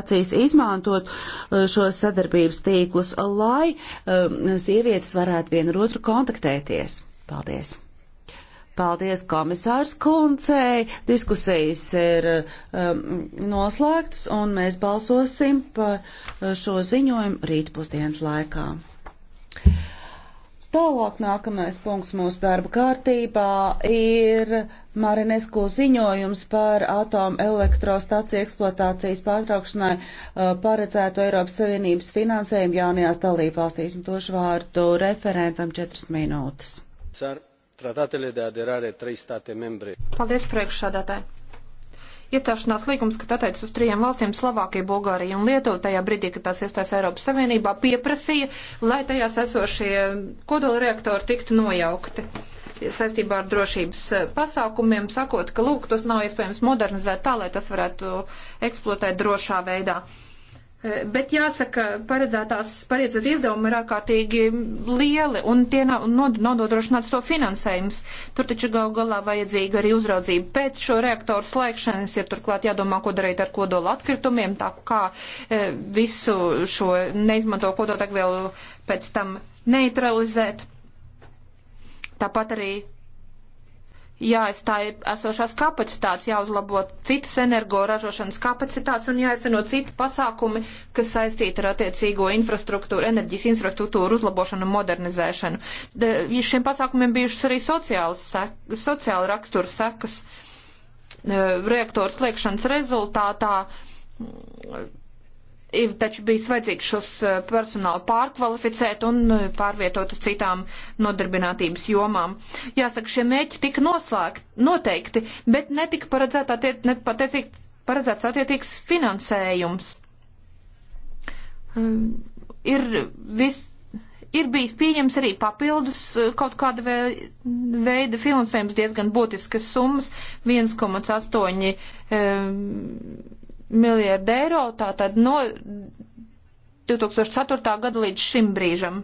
acīs izmantot uh, šos sadarbības tīklus, lai um, sievietes varētu viena ar otru kontaktēties. Paldies! Paldies komisārs Kuncei. Diskusijas ir um, noslēgtas un mēs balsosim par uh, šo ziņojumu rīt pusdienas laikā. Tālāk nākamais punkts mūsu darba kārtībā ir. Marinesko ziņojums par atomu elektrostaciju eksploatācijas pārtraukšanai uh, paredzēto Eiropas Savienības finansējumu jaunajās dalībvalstīs. Došu vārdu referentam četras minūtes. Paldies, priekšsādātāji! Iestāšanās līgums, kad attiecas uz trijām valstīm - Slovākija, Bulgārija un Lietuva, tajā brīdī, kad tās iestājas Eiropas Savienībā, pieprasīja, lai tajās esošie kodolreaktori tiktu nojaukti saistībā ar drošības eh, pasākumiem, sakot, ka lūk, tos nav iespējams modernizēt tā, lai tas varētu eksploatēt drošā veidā. Eh, bet jāsaka, paredzētās, paredzēt izdevumi ir ārkārtīgi lieli un tie nav nododrošināts to finansējums. Tur taču gal galā vajadzīga arī uzraudzība pēc šo reaktoru slēgšanas, ir turklāt jādomā, ko darīt ar kodola atkritumiem, tā kā e, visu šo neizmanto kodoltekvielu pēc tam neutralizēt. Tāpat arī jāizstāj esošās kapacitātes, jāuzlabo citas energoražošanas kapacitātes un jāizseno citi pasākumi, kas saistīti ar attiecīgo infrastruktūru, enerģijas infrastruktūru uzlabošanu un modernizēšanu. De, šiem pasākumiem bijušas arī sociāls, sek, sociāla rakstura sekas e, reaktoru slēgšanas rezultātā ir taču bijis vajadzīgs šos eh, personālu pārkvalificēt un eh, pārvietot uz citām nodarbinātības jomām. Jāsaka, šie mēķi tika noslēgt, noteikti, bet netika paredzēt attiet, ne, patiecīt, paredzēts attiecīgs finansējums. Ehm, ir, vis, ir bijis pieņems arī papildus eh, kaut kāda veida finansējums diezgan būtiskas summas - 1,8 miljardu eiro, tātad no 2004. gada līdz šim brīžam.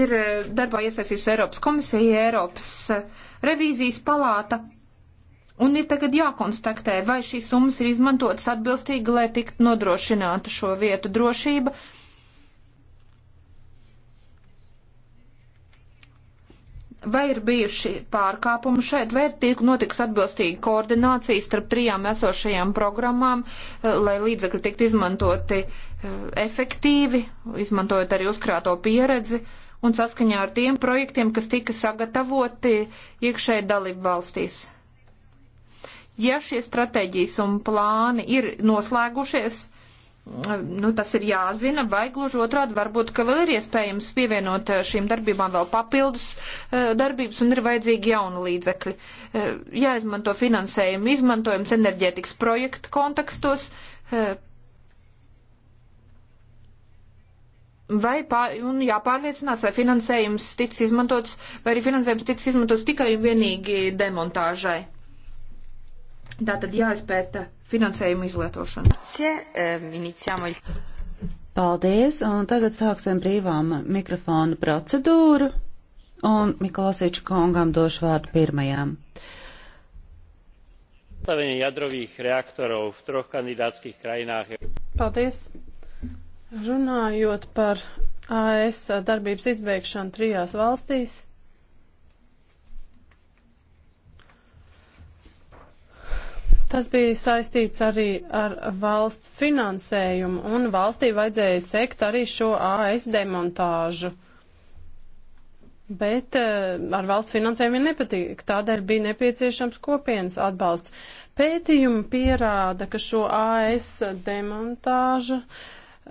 Ir eh, darbā iesaistījusi Eiropas komisija, Eiropas eh, revīzijas palāta, un ir tagad jākonstatē, vai šīs summas ir izmantotas atbilstīgi, lai tiktu nodrošināta šo vietu drošība vai ir bijuši pārkāpumi šeit, vai ir tiek notiks atbilstīga koordinācija starp trijām esošajām programmām, eh, lai līdzekļi tiktu izmantoti eh, efektīvi, izmantojot arī uzkrāto pieredzi un saskaņā ar tiem projektiem, kas tika sagatavoti iekšēji dalību valstīs. Ja šie stratēģijas un plāni ir noslēgušies, nu, tas ir jāzina, vai gluži otrādi varbūt, ka vēl ir iespējams pievienot eh, šīm darbībām vēl papildus eh, darbības un ir vajadzīgi jauni līdzekļi. Eh, jāizmanto finansējumu izmantojums enerģētikas projektu kontekstos. Vai pār, un jāpārliecinās, vai finansējums tiks izmantots, vai arī finansējums tiks izmantots tikai un vienīgi demontāžai. Tātad jāizpēta finansējuma izlietošana. Ehm, Paldies, un tagad sāksim brīvām mikrofonu procedūru, un Miklosiču kongam došu vārdu pirmajām. Stavenie jadrových reaktorov v troch kandidātských krajinách. Paldies. Runājot par AS darbības izbeigšanu trijās valstīs, Tas bija saistīts arī ar valsts finansējumu, un valstī vajadzēja sekt arī šo AS demontāžu. Bet eh, ar valsts finansējumu ir nepatīk, tādēļ bija nepieciešams kopienas atbalsts. Pētījumi pierāda, ka šo AS demontāžu uh,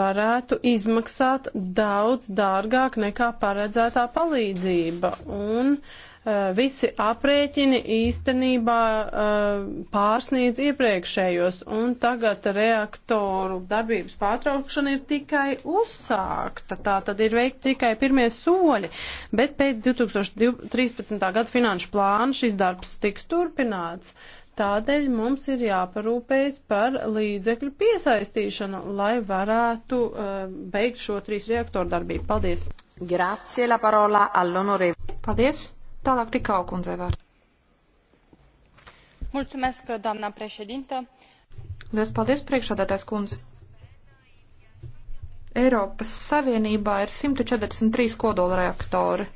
varētu izmaksāt daudz dārgāk nekā paredzētā palīdzība. Un uh, Eh, visi aprēķini īstenībā eh, pārsniedz iepriekšējos, un tagad reaktoru darbības pārtraukšana ir tikai uzsākta. Tā tad ir veikti tikai pirmie soļi, bet pēc 2013. gada finanšu plāna šis darbs tiks turpināts. Tādēļ mums ir jāparūpējas par līdzekļu piesaistīšanu, lai varētu uh, beigt šo trīs reaktoru darbību. Paldies! Grazie la parola all'onorevole. Paldies! Tālāk tik aukundzei vārds. Mulțumesc, doamna președintă. Lies paldies, priekšādātais kundze. Eiropas Savienībā ir 143 kodola reaktori.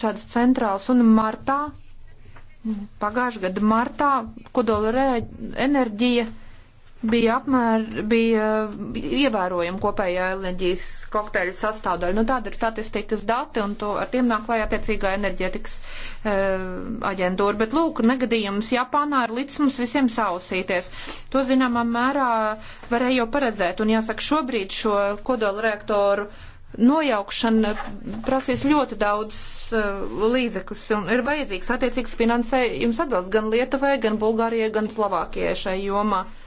Šāds centrāls un martā, pagājušajā gada martā, kodola enerģija bija apmēr, bija ievērojama kopējā enerģijas kokteļa sastāvdaļa. Nu, tāda ir statistikas dati, un to ar tiem nāk klājā attiecīgā enerģetikas e, aģentūra. Bet, lūk, negadījums Japānā ir līdz mums visiem sausīties. To, zināmā mērā, varēja jau paredzēt, un jāsaka, šobrīd šo kodola reaktoru nojaukšana prasīs ļoti daudz uh, līdzekļus un ir vajadzīgs attiecīgs finansējums atbalsts gan Lietuvai, gan Bulgārijai, gan Slovākijai šai jomā. Uh,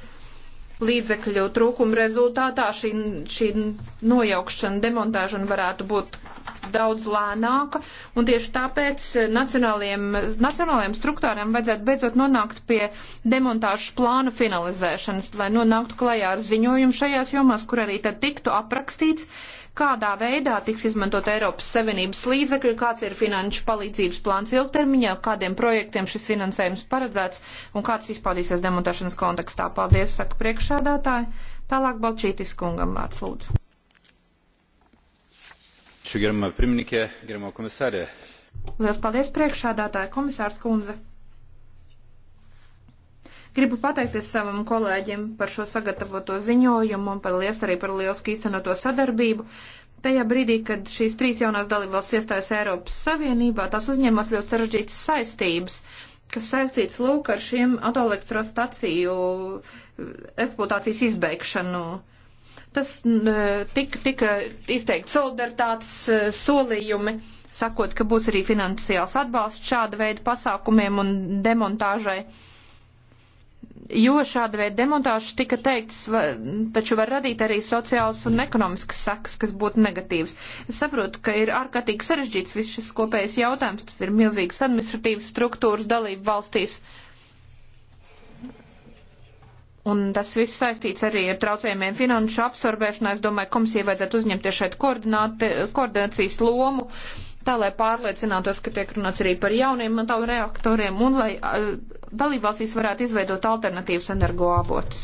līdzekļu trūkuma rezultātā šī, šī nojaukšana, demontāžana varētu būt daudz lēnāka, un tieši tāpēc nacionālajiem, nacionālajiem struktūriem vajadzētu beidzot nonākt pie demontāžas plānu finalizēšanas, lai nonāktu klajā ar ziņojumu šajās jomās, kur arī tad tiktu aprakstīts, kādā veidā tiks izmantot Eiropas Savienības līdzekļi, kāds ir finanšu palīdzības plāns ilgtermiņā, kādiem projektiem šis finansējums paredzēts un kāds izpaudīsies demontēšanas kontekstā. Paldies, saka priekšsādātāji. Tālāk Balčītis kungam vārds lūdzu. Germa pirmininkė, germa komisarė. Lielas paldies priekšādātāja komisārs kundze. Gribu pateikties savam kolēģim par šo sagatavoto ziņojumu un paldies arī par lieliski īstenoto sadarbību. Tajā brīdī, kad šīs trīs jaunās dalībvalsts iestājas Eiropas Savienībā, tās uzņēmās ļoti sarežģītas saistības, kas saistīts lūk ar šiem autoelektrostaciju uh, eksploatācijas izbeigšanu tas uh, tika, tika izteikti solidaritātes uh, solījumi, sakot, ka būs arī finansiāls atbalsts šāda veida pasākumiem un demontāžai jo šāda veida demontāžas tika teikts, va, taču var radīt arī sociālas un ekonomiskas sekas, kas būtu negatīvas. Es saprotu, ka ir ārkārtīgi sarežģīts viss šis kopējais jautājums, tas ir milzīgas administratīvas struktūras dalība valstīs. Un tas viss saistīts arī ar traucējumiem finanšu absorbēšanā. Es domāju, komisija vajadzētu uzņemties šeit koordinācijas lomu tā lai pārliecinātos, ka tiek runāts arī par jauniem metālu reaktoriem un lai uh, dalībvalstīs varētu izveidot alternatīvas energoavotus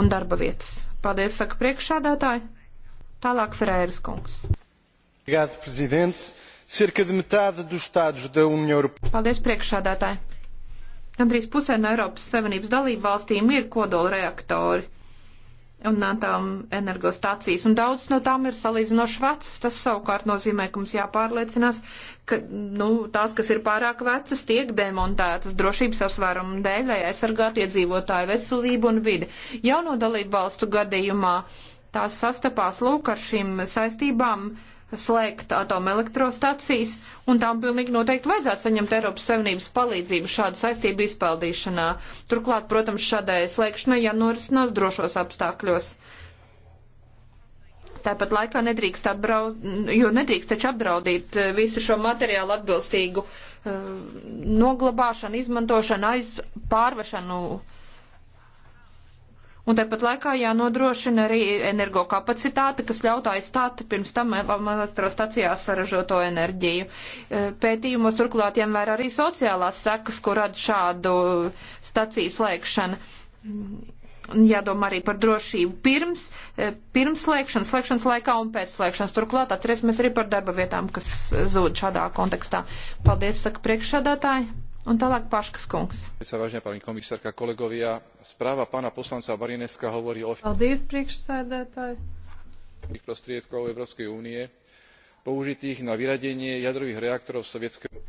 un darba vietas. Paldies, saka priekšsādātāji. Tālāk Ferēras kungs. Obrigado, Presidente. Cerca de metade dos Estados da União Europeia. Paldies, priekšsādātāji. Gandrīz pusē no Eiropas Savienības dalību valstīm ir kodola reaktori un tām energostācijas, un daudz no tām ir salīdzinoši vecas. Tas savukārt nozīmē, ka mums jāpārliecinās, ka nu, tās, kas ir pārāk vecas, tiek demontētas drošības apsvērumu dēļ, lai aizsargātu iedzīvotāju veselību un vidi. Jauno dalību valstu gadījumā tās sastapās lūk ar šīm saistībām. Uh, slēgt atomelektrostacijas, un tām pilnīgi noteikti vajadzētu saņemt Eiropas Savienības palīdzību šādu saistību izpildīšanā. Turklāt, protams, šādai slēgšanai jānorisinās drošos apstākļos. Tāpat laikā nedrīkst apbraud, jo nedrīkst taču apdraudīt eh, visu šo materiālu atbilstīgu uh, noglabāšanu, izmantošanu, aiz pārvešanu uh, Un tāpat laikā jānodrošina arī energokapacitāte, kas ļaut aizstāt pirms tam elektrostacijās saražoto enerģiju. E, pētījumos turklāt jāmēr arī sociālās sekas, kur rada šādu staciju slēgšana. Jādomā arī par drošību pirms, e, pirms slēgšanas, slēgšanas laikā un pēc slēgšanas. Turklāt atcerēsimies arī par darba vietām, kas zūd šādā kontekstā. Paldies, saka priekšsādātāji. Un tālāk Paškas kungs. Vážņā, pani komisārkā, kolegovijā, správa pana poslanca Marineska hovorí o... Paldies, priekšsēdētāji. ...prostriedkov Európskej únie použitých na vyradenie jadrových reaktorov sovietskeho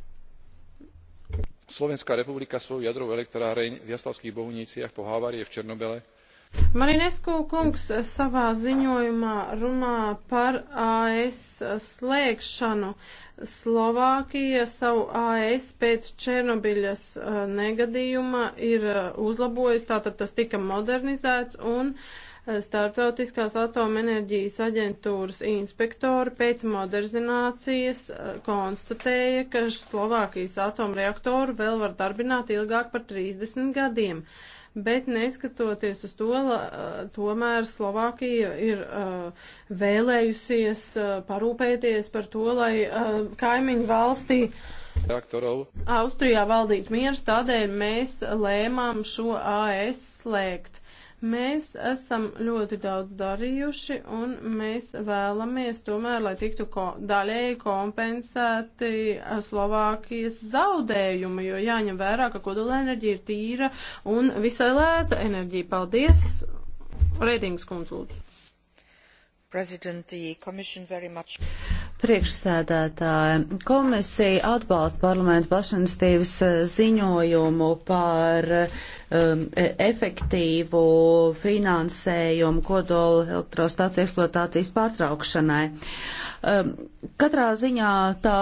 slovenská republika svoju jadrovú elektráreň v jaslovských bohuniciach po havárii v černobyle Marinesko kungs savā ziņojumā runā par AS slēgšanu. Slovākija savu AS pēc Černobiļas uh, negadījuma ir uh, uzlabojusi, tātad tas tika modernizēts un uh, Startautiskās atomenerģijas aģentūras inspektori pēc modernizācijas konstatēja, ka Slovākijas atomreaktoru vēl var darbināt ilgāk par 30 gadiem. Uh, bet neskatoties uz to, la, eh, tomēr Slovākija ir uh, vēlējusies uh, parūpēties par to, lai uh, kaimiņu valstī Doktorov. Austrijā valdītu miers, tādēļ mēs lēmām šo AS slēgt. Mēs esam ļoti daudz darījuši un mēs vēlamies tomēr, lai tiktu ko, daļēji kompensēti eh, Slovākijas zaudējumi, jo jāņem vērā, ka kodolenerģija ir tīra un visai lēta enerģija. Paldies! Reidings konsultants. Priekšsēdētāja komisija atbalsta parlamentu pašinstīvas eh, ziņojumu par uh, um, e, efektīvu finansējumu kodola elektrostāciju eksploatācijas pārtraukšanai. Um, katrā ziņā tā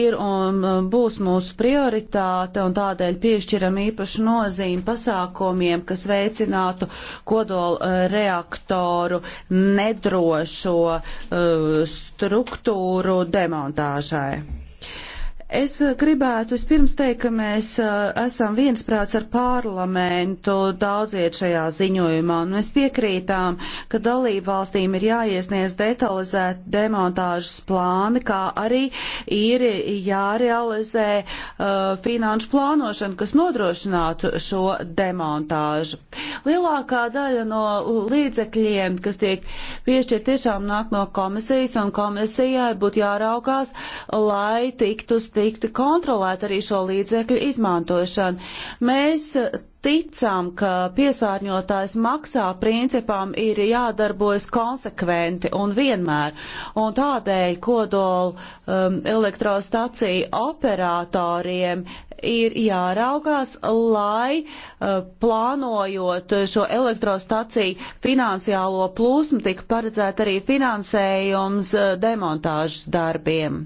ir un um, būs mūsu prioritāte un tādēļ piešķiram īpašu nozīmi pasākumiem, kas veicinātu kodola reaktoru nedrošo uh, struktūru demontāžai. Es eh, gribētu vispirms teikt, ka mēs eh, esam viensprāts ar parlamentu daudziet šajā ziņojumā, un nu, mēs piekrītām, ka dalību valstīm ir jāiesniedz detalizēti demontāžas plāni, kā arī ir jārealizē uh, finanšu plānošana, kas nodrošinātu šo demontāžu. Lielākā daļa no līdzekļiem, kas tiek piešķirt, tiešām nāk no komisijas, un komisijai būtu jāraukās, lai tiktu stiprināts tiktu kontrolēt arī šo līdzekļu izmantošanu. Mēs ticam, ka piesārņotājs maksā principam ir jādarbojas konsekventi un vienmēr. Un tādēļ kodola um, elektrostaciju operatoriem ir jāraugās, lai uh, plānojot šo elektrostaciju finansiālo plūsmu tik paredzēt arī finansējums uh, demontāžas darbiem.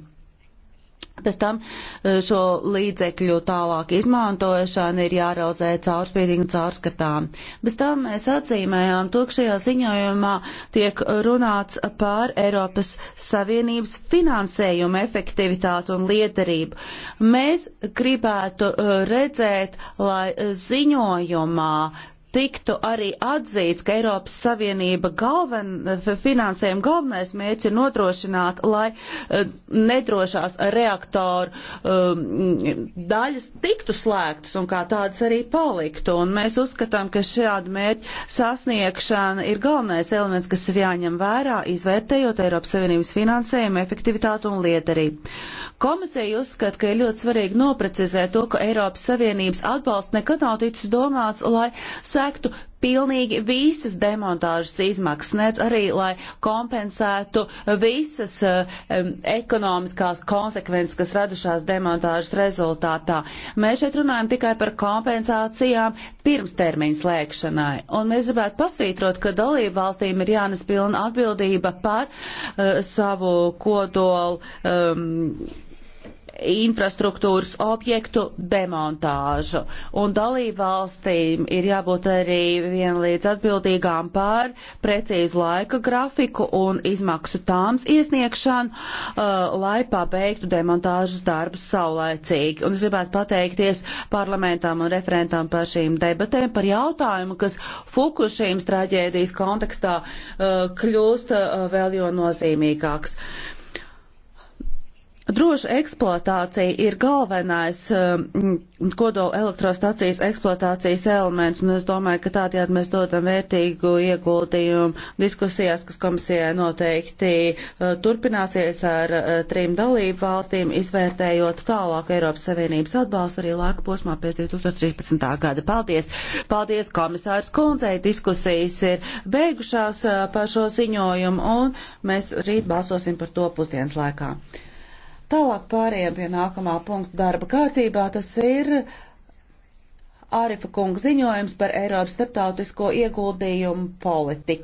Pēc tam e, šo līdzekļu tālāk izmantošana ir jārealizē caurspīdīgi un caurskatām. Bez tam mēs atzīmējām to, ka šajā ziņojumā tiek runāts par Eiropas Savienības finansējumu efektivitātu un liederību. Mēs gribētu e, redzēt, lai ziņojumā tiktu arī atzīts, ka Eiropas Savienība galven, finansējuma galvenais mērķis ir nodrošināt, lai e, nedrošās reaktoru um, daļas tiktu slēgtas un kā tādas arī paliktu. Un mēs uzskatām, ka šāda mērķa sasniegšana ir galvenais elements, kas ir jāņem vērā, izvērtējot Eiropas Savienības finansējumu efektivitātu un liederību. Komisija uzskata, ka ir ļoti svarīgi noprecizēt to, ka Eiropas Savienības atbalsts nekad nav ticis domāts, lai sēktu sektu pilnīgi visas demontāžas izmaksas, nec arī, lai kompensētu visas um, ekonomiskās konsekvences, kas radušās demontāžas rezultātā. Mēs šeit runājam tikai par kompensācijām pirms termiņa slēgšanai. Un mēs gribētu pasvītrot, ka dalību valstīm ir jānes pilna atbildība par uh, savu kodolu. Um, infrastruktūras objektu demontāžu. Un dalību valstīm ir jābūt arī vienlīdz atbildīgām par precīzu laika grafiku un izmaksu tāms iesniegšanu, uh, lai pabeigtu demontāžas darbus saulēcīgi. Un es gribētu pateikties parlamentām un referentām par šīm debatēm, par jautājumu, kas Fukušīmas traģēdijas kontekstā uh, kļūst uh, vēl jo nozīmīgāks. Uh, Droša eksploatācija ir galvenais um, kodola elektrostacijas eksploatācijas elements, un es domāju, ka tādējādi mēs dodam vērtīgu ieguldījumu diskusijās, kas komisijai noteikti uh, turpināsies ar uh, trim dalību valstīm, izvērtējot tālāk Eiropas Savienības atbalstu arī laika posmā pēc 2013. gada. Paldies! Paldies komisārs Kundzei! Diskusijas ir beigušās uh, par šo ziņojumu, un mēs rīt balsosim par to pusdienas laikā. Tālāk pārējiem pie nākamā punkta darba kārtībā. Tas ir Ārifa kunga ziņojums par Eiropas starptautisko ieguldījumu politiku.